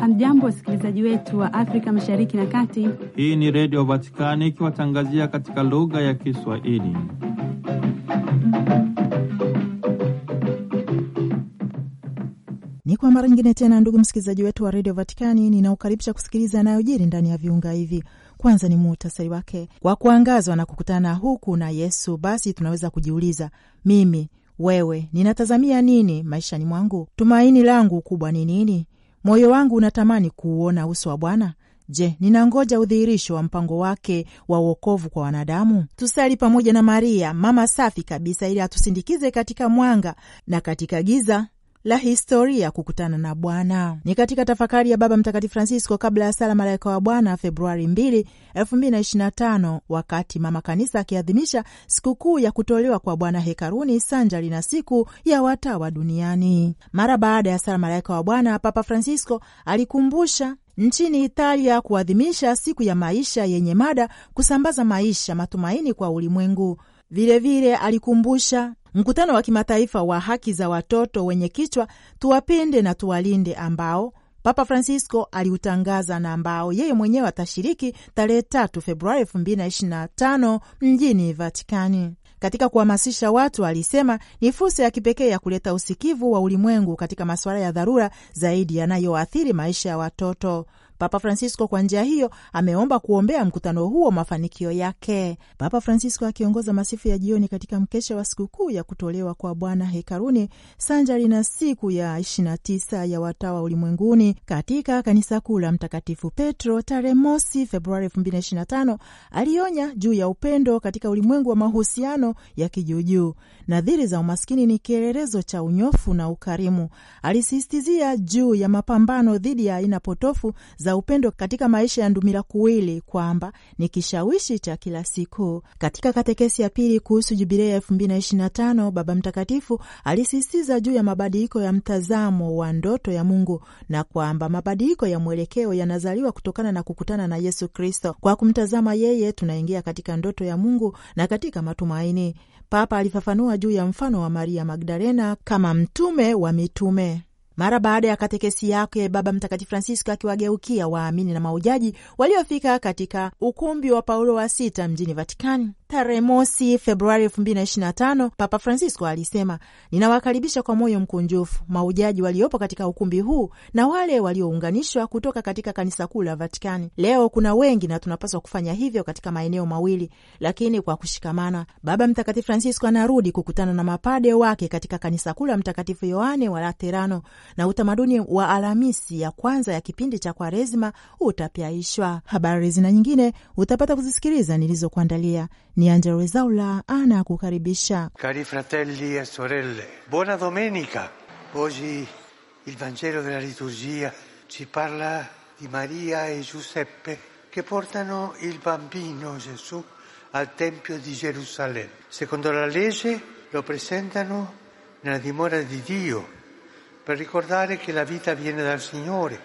Hamjambo, wasikilizaji wetu wa Afrika mashariki na kati. Hii ni Redio Vatikani ikiwatangazia katika lugha ya Kiswahili. Ni kwa mara nyingine tena, ndugu msikilizaji wetu wa Redio Vatikani, ninaukaribisha kusikiliza yanayojiri ndani ya viunga hivi. Kwanza ni muhtasari wake. Kwa kuangazwa na kukutana huku na Yesu, basi tunaweza kujiuliza, mimi wewe, ninatazamia nini maishani mwangu? Tumaini langu kubwa ni nini? Moyo wangu unatamani kuuona uso wa Bwana. Je, ninangoja udhihirisho wa mpango wake wa uokovu kwa wanadamu? Tusali pamoja na Maria mama safi kabisa, ili atusindikize katika mwanga na katika giza la historia kukutana na Bwana. Ni katika tafakari ya Baba Mtakatifu Francisco kabla ya sala malaika wa Bwana Februari 2, 2025 wakati Mama Kanisa akiadhimisha sikukuu ya kutolewa kwa Bwana hekaruni sanjari na siku ya watawa duniani. Mara baada ya sala malaika wa Bwana, Papa Francisco alikumbusha nchini Italia kuadhimisha siku ya maisha yenye mada kusambaza maisha matumaini kwa ulimwengu Vilevile vile alikumbusha mkutano wa kimataifa wa haki za watoto wenye kichwa tuwapende na tuwalinde ambao Papa Francisco aliutangaza na ambao yeye mwenyewe atashiriki tarehe tatu Februari elfu mbili na na tano mjini Vatikani. Katika kuhamasisha watu, alisema ni fursa ya kipekee ya kuleta usikivu wa ulimwengu katika masuala ya dharura zaidi yanayoathiri maisha ya watoto. Papa Francisco kwa njia hiyo ameomba kuombea mkutano huo mafanikio yake. Papa Francisco akiongoza masifu ya jioni katika mkesha wa sikukuu ya kutolewa kwa Bwana hekaruni sanjari na siku ya 29 ya watawa ulimwenguni katika kanisa kuu la Mtakatifu Petro tarehe mosi Februari 2025 alionya juu ya upendo katika ulimwengu wa mahusiano ya kijuujuu. Nadhiri za umaskini ni kielelezo cha unyofu na ukarimu. Alisisitizia juu ya mapambano dhidi ya aina potofu za upendo katika maisha ya ndumila kuwili kwamba ni kishawishi cha kila siku. Katika katekesi ya pili kuhusu jubilei ya 2025 Baba Mtakatifu alisisitiza juu ya mabadiliko ya mtazamo wa ndoto ya Mungu na kwamba mabadiliko ya mwelekeo yanazaliwa kutokana na kukutana na Yesu Kristo. Kwa kumtazama yeye, tunaingia katika ndoto ya Mungu na katika matumaini. Papa alifafanua juu ya mfano wa Maria Magdalena kama mtume wa mitume. Mara baada ya katekesi yake, Baba Mtakatifu Francisco akiwageukia waamini na maujaji waliofika katika ukumbi wa Paulo wa sita mjini Vatikani Tarehe mosi Februari 2025 Papa Francisco alisema, ninawakaribisha kwa moyo mkunjufu maujaji waliopo katika ukumbi huu na wale waliounganishwa kutoka katika kanisa kuu la Vatikani. Leo kuna wengi na tunapaswa kufanya hivyo katika maeneo mawili, lakini kwa kushikamana. Baba Mtakatifu Francisco anarudi kukutana na mapade wake katika kanisa kuu la Mtakatifu Yohane wa Laterano, na utamaduni wa Alhamisi ya kwanza ya kipindi cha Kwaresima utapyaishwa. Habari zina nyingine utapata kuzisikiliza nilizokuandalia. Ni Angelo Esaula anakukaribisha. Cari fratelli e sorelle, buona domenica. Oggi il Vangelo della liturgia ci parla di Maria e Giuseppe che portano il bambino Gesù al Tempio di Gerusalemme. Secondo la legge lo presentano nella dimora di Dio per ricordare che la vita viene dal Signore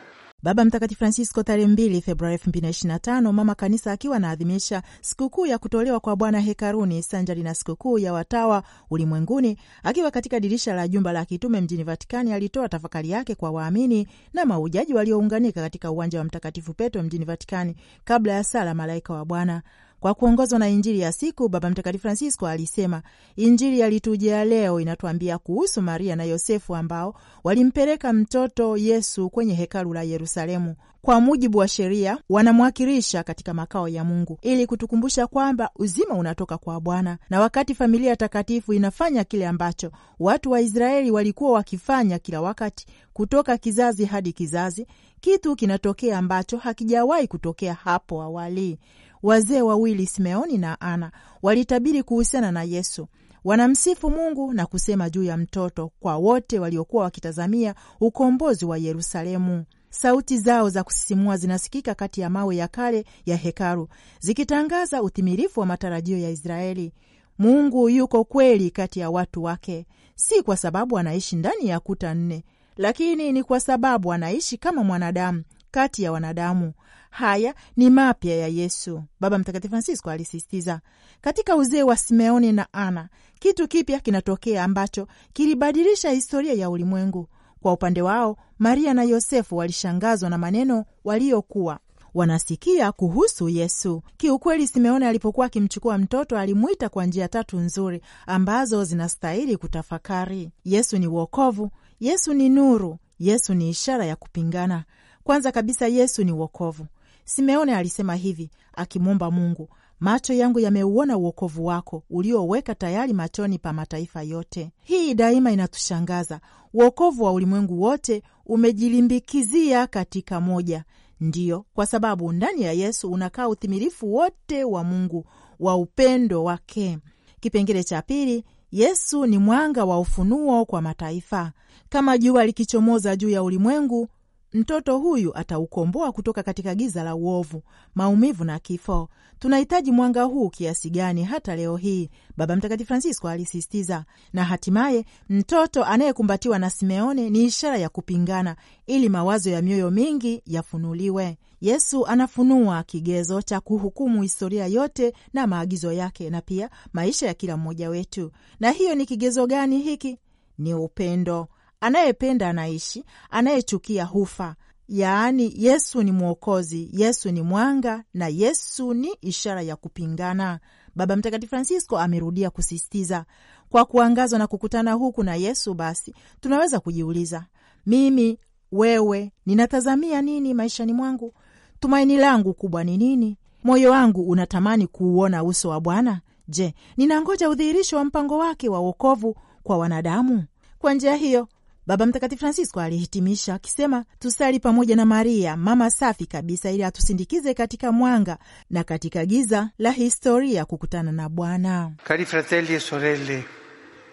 Baba Mtakatifu Francisco tarehe 2 Februari 2025, mama kanisa akiwa anaadhimisha sikukuu ya kutolewa kwa Bwana hekaruni sanjari na sikukuu ya watawa ulimwenguni, akiwa katika dirisha la jumba la kitume mjini Vatikani, alitoa tafakari yake kwa waamini na maujaji waliounganika katika uwanja wa Mtakatifu Petro mjini Vatikani kabla ya sala malaika wa Bwana. Kwa kuongozwa na Injili ya siku, Baba Mtakatifu Francisco alisema Injili yalitujia leo inatuambia kuhusu Maria na Yosefu ambao walimpeleka mtoto Yesu kwenye hekalu la Yerusalemu kwa mujibu wa sheria wanamwakilisha katika makao ya Mungu ili kutukumbusha kwamba uzima unatoka kwa Bwana. Na wakati familia takatifu inafanya kile ambacho watu wa Israeli walikuwa wakifanya kila wakati, kutoka kizazi hadi kizazi, kitu kinatokea ambacho hakijawahi kutokea hapo awali. Wazee wawili Simeoni na Ana walitabiri kuhusiana na Yesu, wanamsifu Mungu na kusema juu ya mtoto kwa wote waliokuwa wakitazamia ukombozi wa Yerusalemu. Sauti zao za kusisimua zinasikika kati ya mawe ya kale ya hekalu, zikitangaza utimilifu wa matarajio ya Israeli. Mungu yuko kweli kati ya watu wake, si kwa sababu anaishi ndani ya kuta nne, lakini ni kwa sababu anaishi kama mwanadamu kati ya wanadamu, haya ni mapya ya Yesu. Baba Mtakatifu Francisco alisisitiza katika uzee wa Simeoni na Ana, kitu kipya kinatokea ambacho kilibadilisha historia ya ulimwengu. Kwa upande wao, Maria na Yosefu walishangazwa na maneno waliokuwa wanasikia kuhusu Yesu. Kiukweli, Simeoni alipokuwa akimchukua mtoto alimwita kwa njia tatu nzuri ambazo zinastahili kutafakari: Yesu ni wokovu, Yesu ni nuru, Yesu ni ishara ya kupingana. Kwanza kabisa, Yesu ni wokovu. Simeone alisema hivi akimwomba Mungu, macho yangu yameuona uokovu wako ulioweka tayari machoni pa mataifa yote. Hii daima inatushangaza. Uokovu wa ulimwengu wote umejilimbikizia katika moja, ndiyo kwa sababu ndani ya Yesu unakaa uthimilifu wote wa Mungu wa upendo wake. Kipengele cha pili, Yesu ni mwanga wa ufunuo kwa mataifa. Kama jua likichomoza juu ya ulimwengu, Mtoto huyu ataukomboa kutoka katika giza la uovu, maumivu na kifo. Tunahitaji mwanga huu kiasi gani hata leo hii, Baba Mtakatifu Francisco alisisitiza. Na hatimaye mtoto anayekumbatiwa na Simeone ni ishara ya kupingana, ili mawazo ya mioyo mingi yafunuliwe. Yesu anafunua kigezo cha kuhukumu historia yote na maagizo yake na pia maisha ya kila mmoja wetu. Na hiyo ni kigezo gani hiki? Ni upendo. Anayependa anaishi, anayechukia hufa. Yaani, Yesu ni Mwokozi, Yesu ni mwanga na Yesu ni ishara ya kupingana. Baba Mtakatifu Francisco amerudia kusisitiza. Kwa kuangazwa na kukutana huku na Yesu, basi tunaweza kujiuliza, mimi, wewe, ninatazamia nini maishani mwangu? Tumaini langu kubwa ni nini? Moyo wangu unatamani kuuona uso wa Bwana? Je, ninangoja udhihirisho wa mpango wake wa wokovu kwa wanadamu? Kwa njia hiyo Baba Mtakatifu Francisco alihitimisha akisema, tusali pamoja na Maria mama safi kabisa, ili atusindikize katika mwanga na katika giza la historia kukutana na Bwana. Cari fratelli e sorelle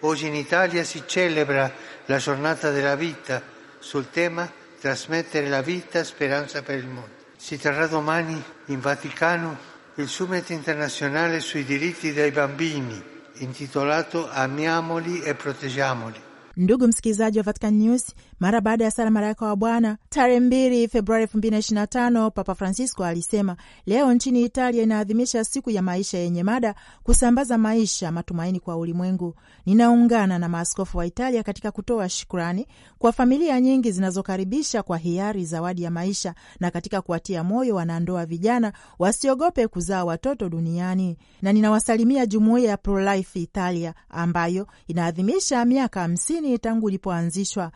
oggi in Italia si celebra la giornata della vita sul tema trasmettere la vita speranza per il mondo. Si terrà domani in Vaticano il summit internazionale sui diritti dei bambini intitolato Amiamoli e proteggiamoli Ndugu msikilizaji wa Vatican News, mara baada ya sala malaika wa Bwana tarehe mbili Februari elfu mbili na ishirini na tano Papa Francisco alisema leo nchini Italia inaadhimisha siku ya maisha yenye mada kusambaza maisha, matumaini kwa ulimwengu. Ninaungana na maaskofu wa Italia katika kutoa shukrani kwa familia nyingi zinazokaribisha kwa hiari zawadi ya maisha na katika kuwatia moyo wanandoa vijana wasiogope kuzaa watoto duniani, na ninawasalimia jumuiya ya Pro Italia ambayo inaadhimisha miaka hamsini tangu ilipoanzishwa.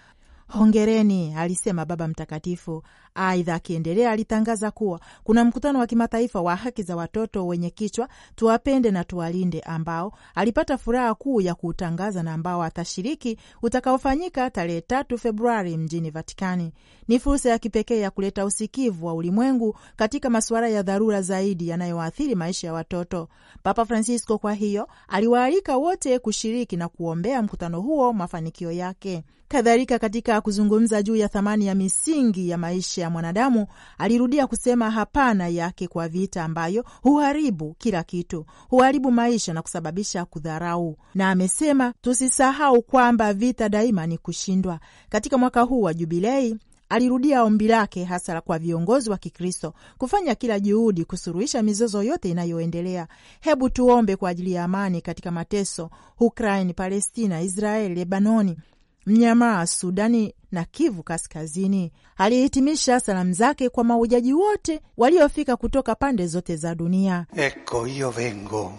Hongereni, alisema Baba Mtakatifu. Aidha, akiendelea alitangaza kuwa kuna mkutano wa kimataifa wa haki za watoto wenye kichwa tuwapende na tuwalinde, ambao alipata furaha kuu ya kuutangaza na ambao atashiriki, utakaofanyika tarehe tatu Februari mjini Vatikani. Ni fursa ya kipekee ya kuleta usikivu wa ulimwengu katika masuala ya dharura zaidi yanayoathiri maisha ya watoto. Papa Francisco kwa hiyo aliwaalika wote kushiriki na kuombea mkutano huo mafanikio yake. Kadhalika, katika kuzungumza juu ya thamani ya misingi ya maisha ya mwanadamu, alirudia kusema hapana yake kwa vita ambayo huharibu kila kitu, huharibu maisha na kusababisha kudharau, na amesema tusisahau kwamba vita daima ni kushindwa. Katika mwaka huu wa Jubilei alirudia ombi lake hasa kwa viongozi wa Kikristo kufanya kila juhudi kusuruhisha mizozo yote inayoendelea. Hebu tuombe kwa ajili ya amani katika mateso Ukraini, Palestina, Israeli, Lebanoni, Mnyamaa, Sudani na Kivu Kaskazini. Alihitimisha salamu zake kwa mahujaji wote waliofika kutoka pande zote za dunia. Ecco io vengo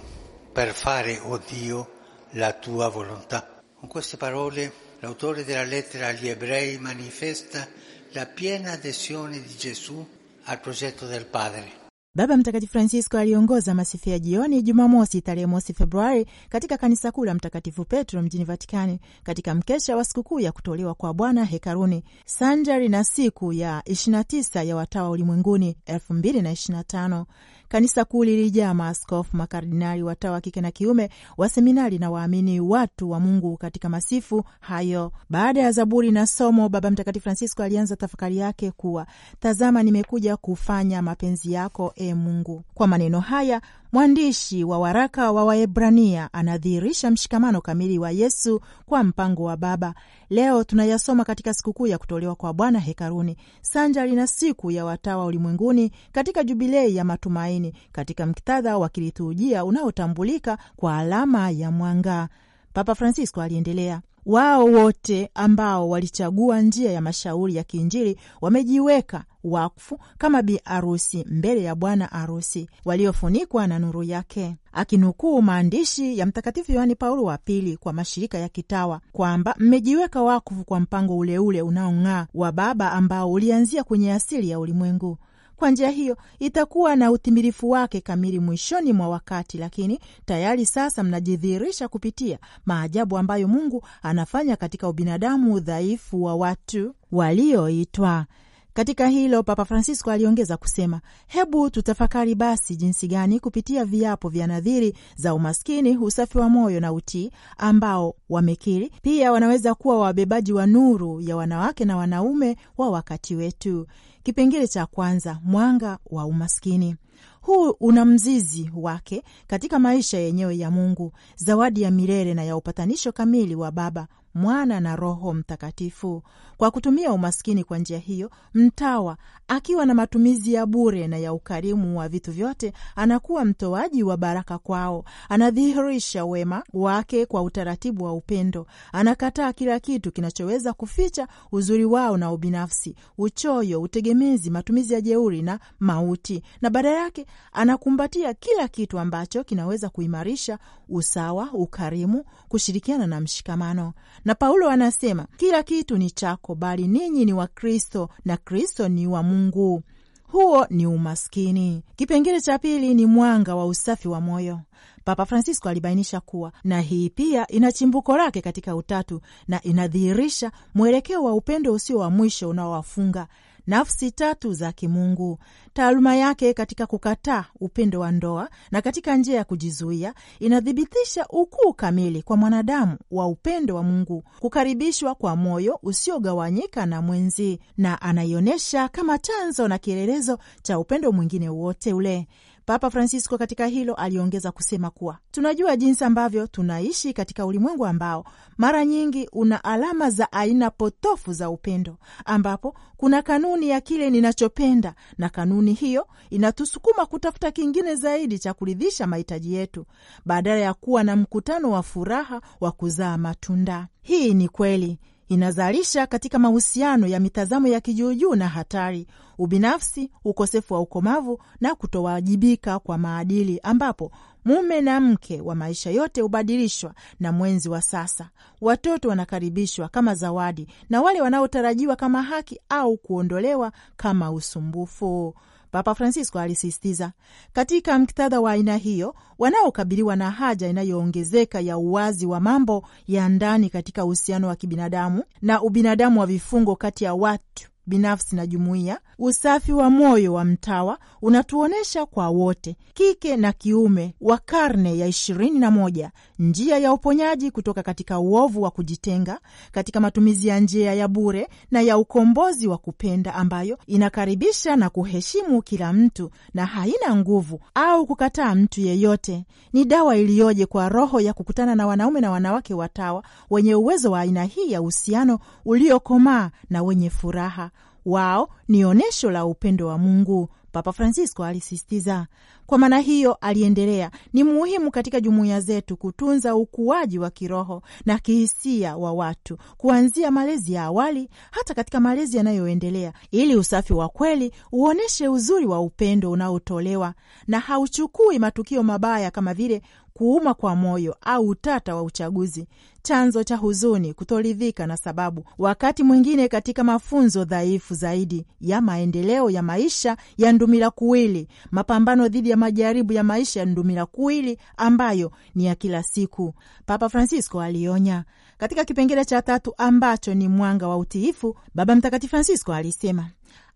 per fare o oh Dio la tua volonta Con queste parole l'autore della lettera agli ebrei manifesta la piena adesione di Gesù al progetto del Padre Baba Mtakatifu Francisco aliongoza masifu ya jioni Jumamosi tarehe mosi Februari katika kanisa kuu la Mtakatifu Petro mjini Vatikani, katika mkesha wa sikukuu ya kutolewa kwa Bwana hekaruni sanjari na siku ya 29 ya watawa ulimwenguni 2025. Kanisa kuu lilijaa maaskofu, makardinali, watawa kike na kiume, waseminari na waamini, watu wa Mungu katika masifu hayo. Baada ya zaburi na somo, Baba Mtakatifu Francisco alianza tafakari yake kuwa tazama, nimekuja kufanya mapenzi yako, e Mungu. Kwa maneno haya Mwandishi wa waraka wa Waebrania anadhihirisha mshikamano kamili wa Yesu kwa mpango wa Baba. Leo tunayasoma katika sikukuu ya kutolewa kwa Bwana hekaruni sanjari na siku ya watawa ulimwenguni, katika jubilei ya matumaini, katika mktadha wa kiliturujia unaotambulika kwa alama ya mwangaa. Papa Francisco aliendelea wao wote ambao walichagua njia ya mashauri ya kiinjili wamejiweka wakfu kama bi arusi mbele ya bwana arusi, waliofunikwa na nuru yake. Akinukuu maandishi ya Mtakatifu Yohani Paulo wa Pili kwa mashirika ya kitawa kwamba mmejiweka wakfu kwa mpango uleule unaong'aa wa Baba ambao ulianzia kwenye asili ya ulimwengu. Kwa njia hiyo itakuwa na utimilifu wake kamili mwishoni mwa wakati, lakini tayari sasa mnajidhihirisha kupitia maajabu ambayo Mungu anafanya katika ubinadamu udhaifu wa watu walioitwa. Katika hilo Papa Francisco aliongeza kusema, hebu tutafakari basi jinsi gani kupitia viapo vya nadhiri za umaskini, usafi wa moyo na utii, ambao wamekiri pia wanaweza kuwa wabebaji wa nuru ya wanawake na wanaume wa wakati wetu. Kipengele cha kwanza, mwanga wa umaskini. Huu una mzizi wake katika maisha yenyewe ya Mungu, zawadi ya milele na ya upatanisho kamili wa Baba Mwana na Roho Mtakatifu. Kwa kutumia umaskini kwa njia hiyo, mtawa akiwa na matumizi ya bure na ya ukarimu wa vitu vyote, anakuwa mtoaji wa baraka kwao. Anadhihirisha wema wake kwa utaratibu wa upendo. Anakataa kila kitu kinachoweza kuficha uzuri wao na ubinafsi, uchoyo, utegemezi, matumizi ya jeuri na mauti, na badala yake anakumbatia kila kitu ambacho kinaweza kuimarisha usawa, ukarimu, kushirikiana na mshikamano na Paulo anasema kila kitu ni chako, bali ninyi ni wa Kristo na Kristo ni wa Mungu. Huo ni umaskini. Kipengele cha pili ni mwanga wa usafi wa moyo. Papa Francisco alibainisha kuwa na hii pia ina chimbuko lake katika Utatu na inadhihirisha mwelekeo wa upendo usio wa mwisho unaowafunga nafsi tatu za kimungu. Taaluma yake katika kukataa upendo wa ndoa na katika njia ya kujizuia inathibitisha ukuu kamili kwa mwanadamu wa upendo wa Mungu, kukaribishwa kwa moyo usiogawanyika na mwenzi, na anaionyesha kama chanzo na kielelezo cha upendo mwingine wote ule. Papa Francisco katika hilo aliongeza kusema kuwa tunajua jinsi ambavyo tunaishi katika ulimwengu ambao mara nyingi una alama za aina potofu za upendo, ambapo kuna kanuni ya kile ninachopenda, na kanuni hiyo inatusukuma kutafuta kingine zaidi cha kuridhisha mahitaji yetu badala ya kuwa na mkutano wa furaha wa kuzaa matunda. Hii ni kweli inazalisha katika mahusiano ya mitazamo ya kijuujuu na hatari, ubinafsi, ukosefu wa ukomavu na kutowajibika kwa maadili, ambapo mume na mke wa maisha yote hubadilishwa na mwenzi wa sasa. Watoto wanakaribishwa kama zawadi na wale wanaotarajiwa kama haki au kuondolewa kama usumbufu. Papa Francisco alisisitiza katika muktadha wa aina hiyo, wanaokabiliwa na haja inayoongezeka ya uwazi wa mambo ya ndani katika uhusiano wa kibinadamu na ubinadamu wa vifungo kati ya watu binafsi na jumuiya. Usafi wa moyo wa Mtawa unatuonyesha kwa wote, kike na kiume, wa karne ya ishirini na moja, njia ya uponyaji kutoka katika uovu wa kujitenga, katika matumizi ya njia ya bure na ya ukombozi wa kupenda, ambayo inakaribisha na kuheshimu kila mtu na haina nguvu au kukataa mtu yeyote. Ni dawa iliyoje kwa roho ya kukutana na wanaume na wanawake watawa wenye uwezo wa aina hii ya uhusiano uliokomaa na wenye furaha wao ni onyesho la upendo wa Mungu. Papa Francisco alisisitiza kwa maana hiyo, aliendelea, ni muhimu katika jumuiya zetu kutunza ukuaji wa kiroho na kihisia wa watu kuanzia malezi ya awali hata katika malezi yanayoendelea, ili usafi wa kweli uonyeshe uzuri wa upendo unaotolewa na hauchukui matukio mabaya kama vile kuuma kwa moyo au utata wa uchaguzi, chanzo cha huzuni, kutoridhika na sababu, wakati mwingine katika mafunzo dhaifu zaidi ya maendeleo ya maisha ya ndumila kuwili, mapambano dhidi ya majaribu ya maisha ya ndumila kuili ambayo ni ya kila siku, Papa Francisco alionya. Katika kipengele cha tatu ambacho ni mwanga wa utiifu, Baba Mtakatifu Francisco alisema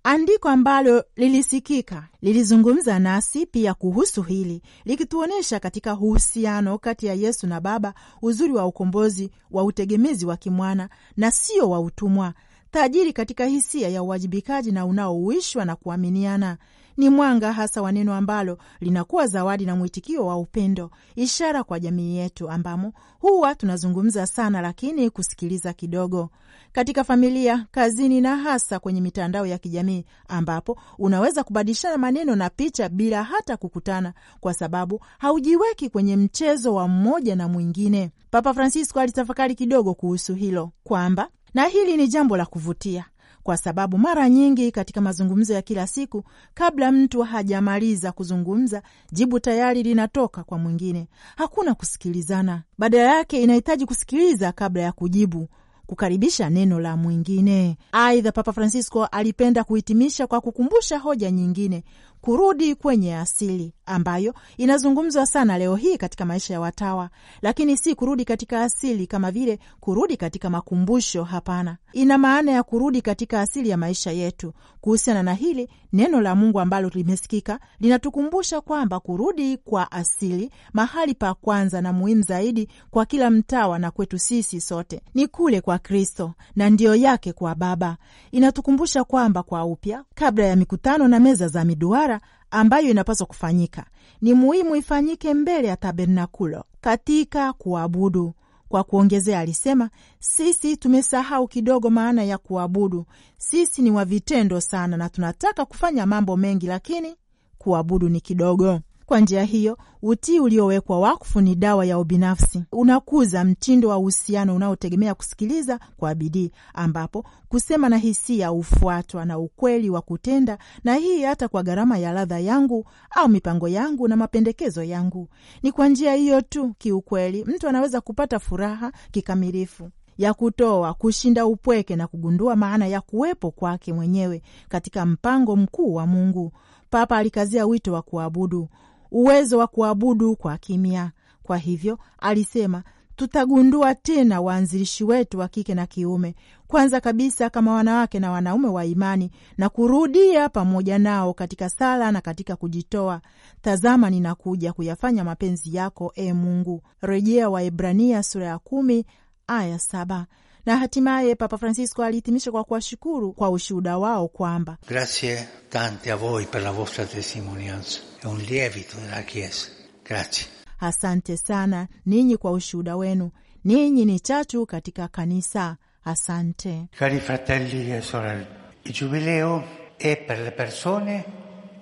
andiko ambalo lilisikika lilizungumza nasi pia kuhusu hili likituonyesha katika uhusiano kati ya Yesu na Baba uzuri wa ukombozi wa utegemezi wa kimwana na sio wa utumwa, tajiri katika hisia ya uwajibikaji na unaouishwa na kuaminiana ni mwanga hasa wa neno ambalo linakuwa zawadi na mwitikio wa upendo, ishara kwa jamii yetu, ambamo huwa tunazungumza sana, lakini kusikiliza kidogo, katika familia, kazini na hasa kwenye mitandao ya kijamii, ambapo unaweza kubadilishana maneno na picha bila hata kukutana, kwa sababu haujiweki kwenye mchezo wa mmoja na mwingine. Papa Francisco alitafakari kidogo kuhusu hilo kwamba na hili ni jambo la kuvutia kwa sababu mara nyingi katika mazungumzo ya kila siku, kabla mtu hajamaliza kuzungumza, jibu tayari linatoka kwa mwingine. Hakuna kusikilizana, badala yake inahitaji kusikiliza kabla ya kujibu kukaribisha neno la mwingine. Aidha, Papa Francisco alipenda kuhitimisha kwa kukumbusha hoja nyingine kurudi kwenye asili ambayo inazungumzwa sana leo hii katika maisha ya watawa, lakini si kurudi katika asili kama vile kurudi katika makumbusho. Hapana, ina maana ya kurudi katika asili ya maisha yetu. Kuhusiana na hili, neno la Mungu ambalo limesikika linatukumbusha kwamba kurudi kwa asili, mahali pa kwanza na muhimu zaidi kwa kila mtawa na kwetu sisi sote, ni kule kwa Kristo na ndio yake kwa Baba. Inatukumbusha kwamba kwa upya, kabla ya mikutano na meza za miduara ambayo inapaswa kufanyika ni muhimu ifanyike mbele ya tabernakulo katika kuabudu. Kwa kuongezea, alisema sisi tumesahau kidogo maana ya kuabudu. Sisi ni wa vitendo sana na tunataka kufanya mambo mengi, lakini kuabudu ni kidogo. Kwa njia hiyo, utii uliowekwa wakfu ni dawa ya ubinafsi. Unakuza mtindo wa uhusiano unaotegemea kusikiliza kwa bidii, ambapo kusema na hisia hufuatwa na ukweli wa kutenda, na hii hata kwa gharama ya ladha yangu au mipango yangu na mapendekezo yangu. Ni kwa njia hiyo tu, kiukweli, mtu anaweza kupata furaha kikamilifu ya kutoa kushinda upweke na kugundua maana ya kuwepo kwake mwenyewe katika mpango mkuu wa Mungu. Papa alikazia wito wa kuabudu, uwezo wa kuabudu kwa kimya. Kwa hivyo alisema, tutagundua tena waanzilishi wetu wa kike na kiume, kwanza kabisa kama wanawake na wanaume wa imani, na kurudia pamoja nao katika sala na katika kujitoa. Tazama, ninakuja kuyafanya mapenzi yako, e Mungu, rejea Waebrania sura ya kumi aya saba. Na hatimaye Papa Francisco alihitimisha kwa kuwashukuru kwa ushuhuda wao kwamba grazie tante a voi per la vostra testimonianza è un lievito della Chiesa. Grazie. Asante sana ninyi kwa ushuhuda wenu. Ninyi ni chachu katika kanisa. Asante. Cari fratelli e sorelle, il giubileo è per le persone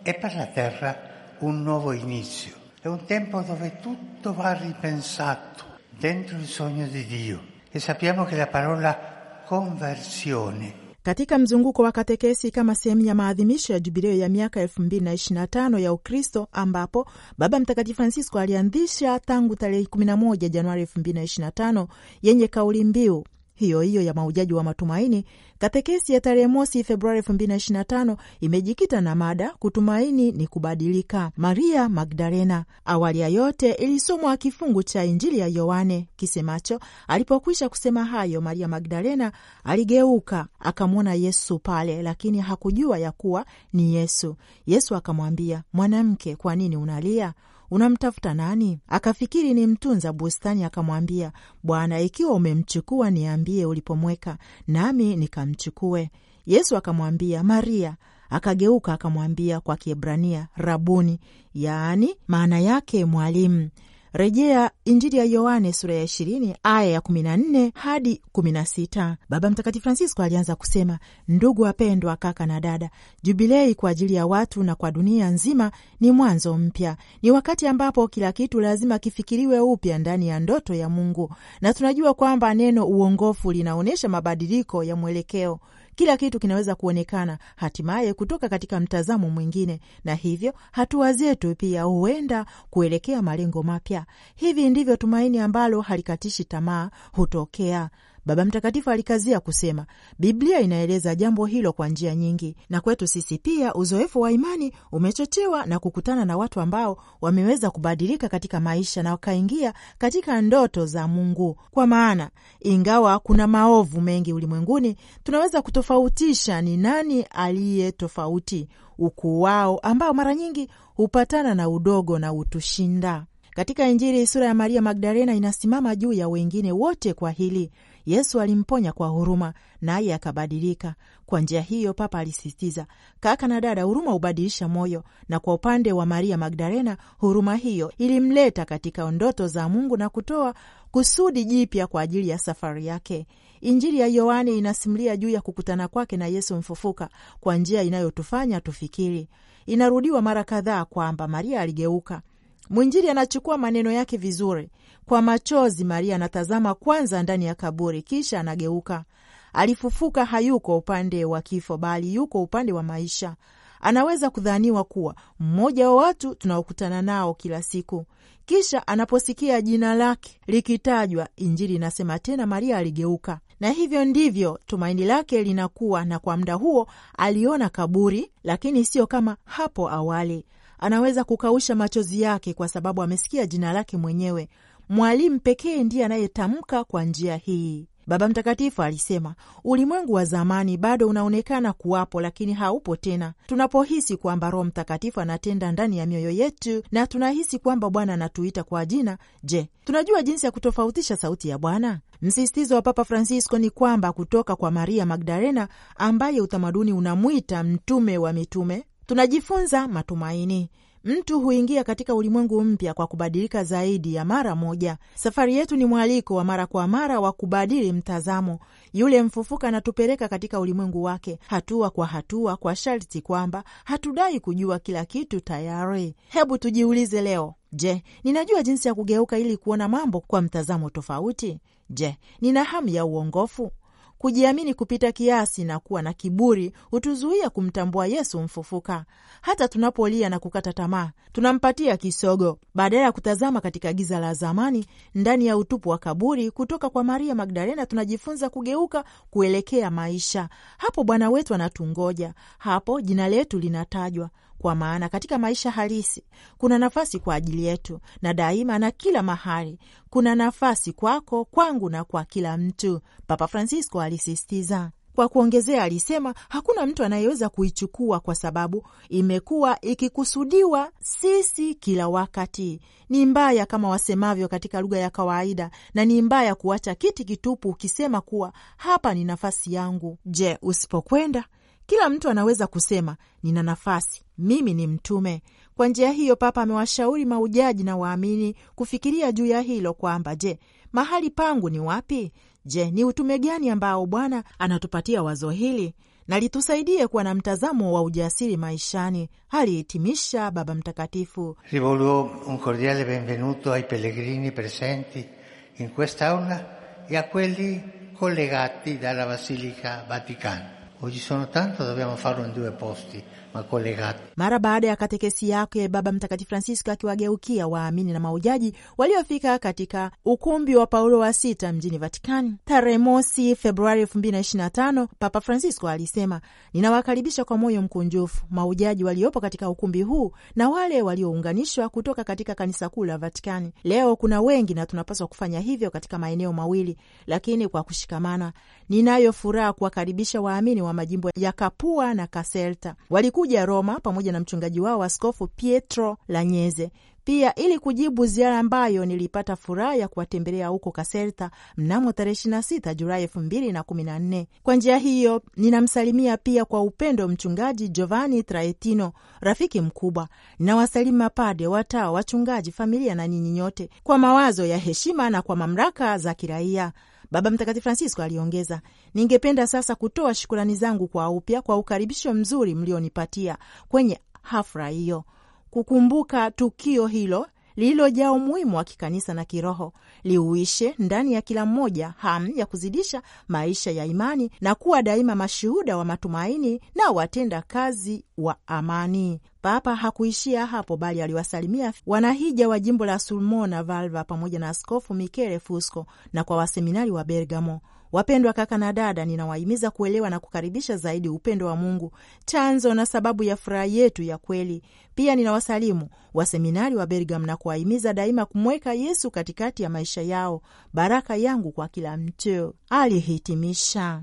e per la terra un nuovo inizio. È un tempo dove tutto va ripensato dentro il sogno di Dio e sappiamo che la parola conversione katika mzunguko wa katekesi kama sehemu ya maadhimisho ya jubileo ya miaka 2025 ya Ukristo ambapo Baba Mtakatifu Francisco alianzisha tangu tarehe 11 Januari 2025 yenye kauli mbiu hiyo hiyo ya maujaji wa matumaini, katekesi ya tarehe mosi Februari 2025 imejikita na mada kutumaini ni kubadilika, Maria Magdalena. Awali ya yote ilisomwa kifungu cha Injili ya Yohane kisemacho, alipokwisha kusema hayo, Maria Magdalena aligeuka akamwona Yesu pale, lakini hakujua ya kuwa ni Yesu. Yesu akamwambia, mwanamke, kwa nini unalia? unamtafuta nani? Akafikiri ni mtunza bustani, akamwambia, Bwana, ikiwa umemchukua niambie ulipomweka, nami nikamchukue. Yesu akamwambia, Maria. Akageuka akamwambia kwa Kiebrania, Rabuni, yaani maana yake mwalimu. Rejea Injili ya Yohane sura ya 2 aya ya 14 hadi 16. Baba Mtakatifu Francisco alianza kusema, ndugu wapendwa, kaka na dada, Jubilei kwa ajili ya watu na kwa dunia nzima ni mwanzo mpya. Ni wakati ambapo kila kitu lazima kifikiriwe upya ndani ya ndoto ya Mungu, na tunajua kwamba neno uongofu linaonyesha mabadiliko ya mwelekeo kila kitu kinaweza kuonekana hatimaye kutoka katika mtazamo mwingine, na hivyo hatua zetu pia huenda kuelekea malengo mapya. Hivi ndivyo tumaini ambalo halikatishi tamaa hutokea. Baba Mtakatifu alikazia kusema, Biblia inaeleza jambo hilo kwa njia nyingi, na kwetu sisi pia uzoefu wa imani umechochewa na kukutana na watu ambao wameweza kubadilika katika maisha na wakaingia katika ndoto za Mungu. Kwa maana ingawa kuna maovu mengi ulimwenguni, tunaweza kutofautisha ni nani aliye tofauti, ukuu wao ambao mara nyingi hupatana na udogo na utushinda. Katika Injili sura ya Maria Magdalena inasimama juu ya wengine wote kwa hili Yesu alimponya kwa huruma, naye akabadilika. Kwa njia hiyo, Papa alisisitiza, kaka na dada, huruma hubadilisha moyo, na kwa upande wa Maria Magdalena, huruma hiyo ilimleta katika ndoto za Mungu na kutoa kusudi jipya kwa ajili ya safari yake. Injili ya Yohane inasimulia juu ya kukutana kwake na Yesu mfufuka kwa njia inayotufanya tufikiri. Inarudiwa mara kadhaa kwamba Maria aligeuka Mwinjili anachukua maneno yake vizuri. Kwa machozi, Maria anatazama kwanza ndani ya kaburi, kisha anageuka. Alifufuka, hayuko upande wa kifo, bali yuko upande wa maisha. Anaweza kudhaniwa kuwa mmoja wa watu tunaokutana nao kila siku. Kisha anaposikia jina lake likitajwa, Injili inasema tena Maria aligeuka, na hivyo ndivyo tumaini lake linakuwa. Na kwa muda huo aliona kaburi, lakini sio kama hapo awali anaweza kukausha machozi yake kwa sababu amesikia jina lake mwenyewe. Mwalimu pekee ndiye anayetamka kwa njia hii. Baba Mtakatifu alisema ulimwengu wa zamani bado unaonekana kuwapo, lakini haupo tena. Tunapohisi kwamba Roho Mtakatifu anatenda ndani ya mioyo yetu na tunahisi kwamba Bwana anatuita kwa jina, je, tunajua jinsi ya kutofautisha sauti ya Bwana? Msisitizo wa Papa Francisco ni kwamba kutoka kwa Maria Magdalena, ambaye utamaduni unamwita mtume wa mitume tunajifunza matumaini. Mtu huingia katika ulimwengu mpya kwa kubadilika zaidi ya mara moja. Safari yetu ni mwaliko wa mara kwa mara wa kubadili mtazamo. Yule mfufuka anatupeleka katika ulimwengu wake hatua kwa hatua, kwa sharti kwamba hatudai kujua kila kitu tayari. Hebu tujiulize leo, je, ninajua jinsi ya kugeuka ili kuona mambo kwa mtazamo tofauti? Je, nina hamu ya uongofu? Kujiamini kupita kiasi na kuwa na kiburi hutuzuia kumtambua Yesu mfufuka. Hata tunapolia na kukata tamaa, tunampatia kisogo badala ya kutazama katika giza la zamani, ndani ya utupu wa kaburi. Kutoka kwa Maria Magdalena tunajifunza kugeuka kuelekea maisha. Hapo Bwana wetu anatungoja, hapo jina letu linatajwa kwa maana katika maisha halisi kuna nafasi kwa ajili yetu, na daima na kila mahali kuna nafasi kwako, kwangu na kwa kila mtu, Papa Francisco alisisitiza. Kwa kuongezea, alisema hakuna mtu anayeweza kuichukua kwa sababu imekuwa ikikusudiwa sisi kila wakati. Ni mbaya kama wasemavyo katika lugha ya kawaida, na ni mbaya kuacha kiti kitupu ukisema kuwa hapa ni nafasi yangu. Je, usipokwenda kila mtu anaweza kusema nina nafasi, mimi ni mtume. Kwa njia hiyo, Papa amewashauri maujaji na waamini kufikiria juu ya hilo kwamba, je, mahali pangu ni wapi? Je, ni utume gani ambao Bwana anatupatia wazo hili na litusaidie kuwa na mtazamo wa ujasiri maishani, alihitimisha Baba Mtakatifu. Rivolgo un cordiale benvenuto ai pellegrini presenti in aula e a quelli collegati dalla Basilica Vaticana. o ci sono tanto dobbiamo farlo in due posti. Mara baada ya katekesi yake, Baba Mtakatifu Francisco akiwageukia waamini na maujaji waliofika katika ukumbi wa Paulo wa sita mjini Vatikani tarehe mosi Februari elfu mbili na na tano, Papa Francisco alisema, ninawakaribisha kwa moyo mkunjufu maujaji waliopo katika ukumbi huu na wale waliounganishwa kutoka katika kanisa kuu la Vatikani. Leo kuna wengi na tunapaswa kufanya hivyo katika maeneo mawili, lakini kwa kushikamana. Ninayo furaha kuwakaribisha waamini wa majimbo ya Kapua na Kaselta. Walikuwa walikuja Roma pamoja na mchungaji wao Askofu Pietro Lanyeze pia ili kujibu ziara ambayo nilipata furaha ya kuwatembelea huko Kaserta mnamo tarehe 26 Julai 2014. Kwa njia hiyo ninamsalimia pia kwa upendo mchungaji Giovanni Traetino, rafiki mkubwa. wasalimu mapade, watawa, wachungaji, familia na nyinyi nyote, kwa mawazo ya heshima na kwa mamlaka za kiraia. Baba Mtakatifu Francisco aliongeza, ningependa sasa kutoa shukurani zangu kwa upya kwa ukaribisho mzuri mlionipatia kwenye hafla hiyo. Kukumbuka tukio hilo lililojaa umuhimu wa kikanisa na kiroho liuishe ndani ya kila mmoja hamu ya kuzidisha maisha ya imani na kuwa daima mashuhuda wa matumaini na watenda kazi wa amani. Papa hakuishia hapo, bali aliwasalimia wanahija wa jimbo la Sulmona Valva pamoja na Askofu Michele Fusco na kwa waseminari wa Bergamo. Wapendwa kaka na dada, ninawahimiza kuelewa na kukaribisha zaidi upendo wa Mungu, chanzo na sababu ya furaha yetu ya kweli. Pia ninawasalimu waseminari wa Bergam na kuwahimiza daima kumweka Yesu katikati ya maisha yao. Baraka yangu kwa kila mtu, alihitimisha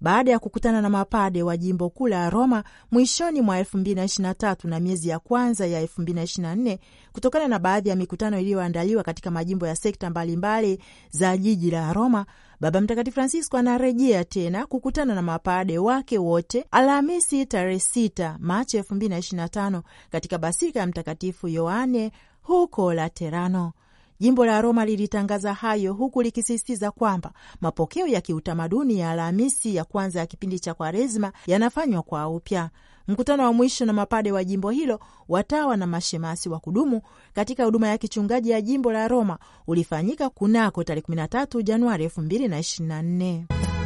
baada ya kukutana na mapade wa jimbo kuu la Roma mwishoni mwa 2023 na miezi ya kwanza ya 2024 kutokana na baadhi ya mikutano iliyoandaliwa katika majimbo ya sekta mbalimbali mbali za jiji la Roma. Baba Mtakatifu Francisco anarejea tena kukutana na mapade wake wote Alhamisi tarehe 6 Machi 2025 katika basilika ya Mtakatifu Yohane huko Laterano. Jimbo la Roma lilitangaza hayo huku likisisitiza kwamba mapokeo ya kiutamaduni ya Alhamisi ya kwanza ya kipindi cha Kwaresma yanafanywa kwa upya. Mkutano wa mwisho na mapade wa jimbo hilo, watawa na mashemasi wa kudumu katika huduma ya kichungaji ya jimbo la Roma ulifanyika kunako tarehe 13 Januari 2024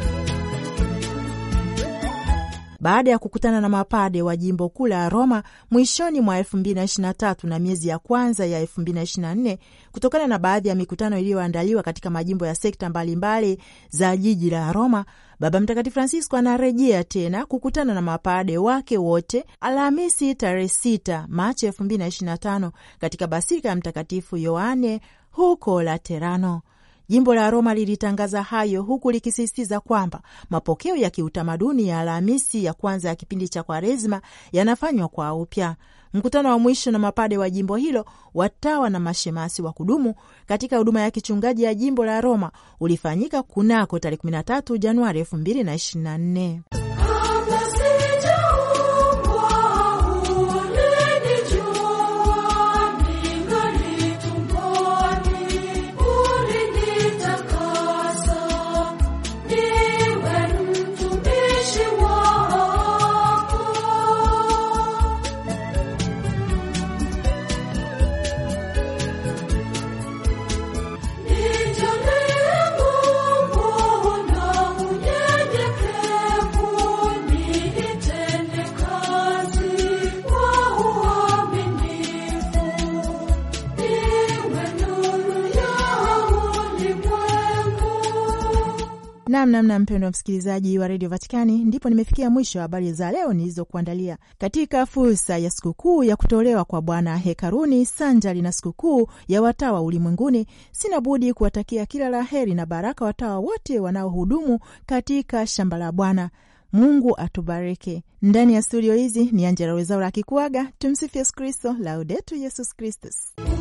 baada ya kukutana na mapade wa jimbo kuu la Roma mwishoni mwa 2023 na miezi ya kwanza ya 2024 kutokana na baadhi ya mikutano iliyoandaliwa katika majimbo ya sekta mbalimbali za jiji la Roma. Baba Mtakatifu Francisco anarejea tena kukutana na mapade wake wote Alhamisi tarehe 6 Machi 2025 katika basilika ya Mtakatifu Yohane huko Laterano. Jimbo la Roma lilitangaza hayo huku likisisitiza kwamba mapokeo ya kiutamaduni ya Alhamisi ya kwanza ya kipindi cha Kwaresma yanafanywa kwa upya. Mkutano wa mwisho na mapade wa jimbo hilo, watawa na mashemasi wa kudumu katika huduma ya kichungaji ya jimbo la Roma ulifanyika kunako tarehe 13 Januari 2024. namna mpendo wa msikilizaji wa redio Vatikani, ndipo nimefikia mwisho wa habari za leo nilizokuandalia katika fursa ya sikukuu ya kutolewa kwa Bwana hekaruni sanjali na sikukuu ya watawa ulimwenguni. Sina budi kuwatakia kila la heri na baraka watawa wote wanaohudumu katika shamba la Bwana. Mungu atubariki. Ndani ya studio hizi ni Angela Wezaura akikuaga. Tumsifu Yesu Kristo, Laudetu Yesus Kristus.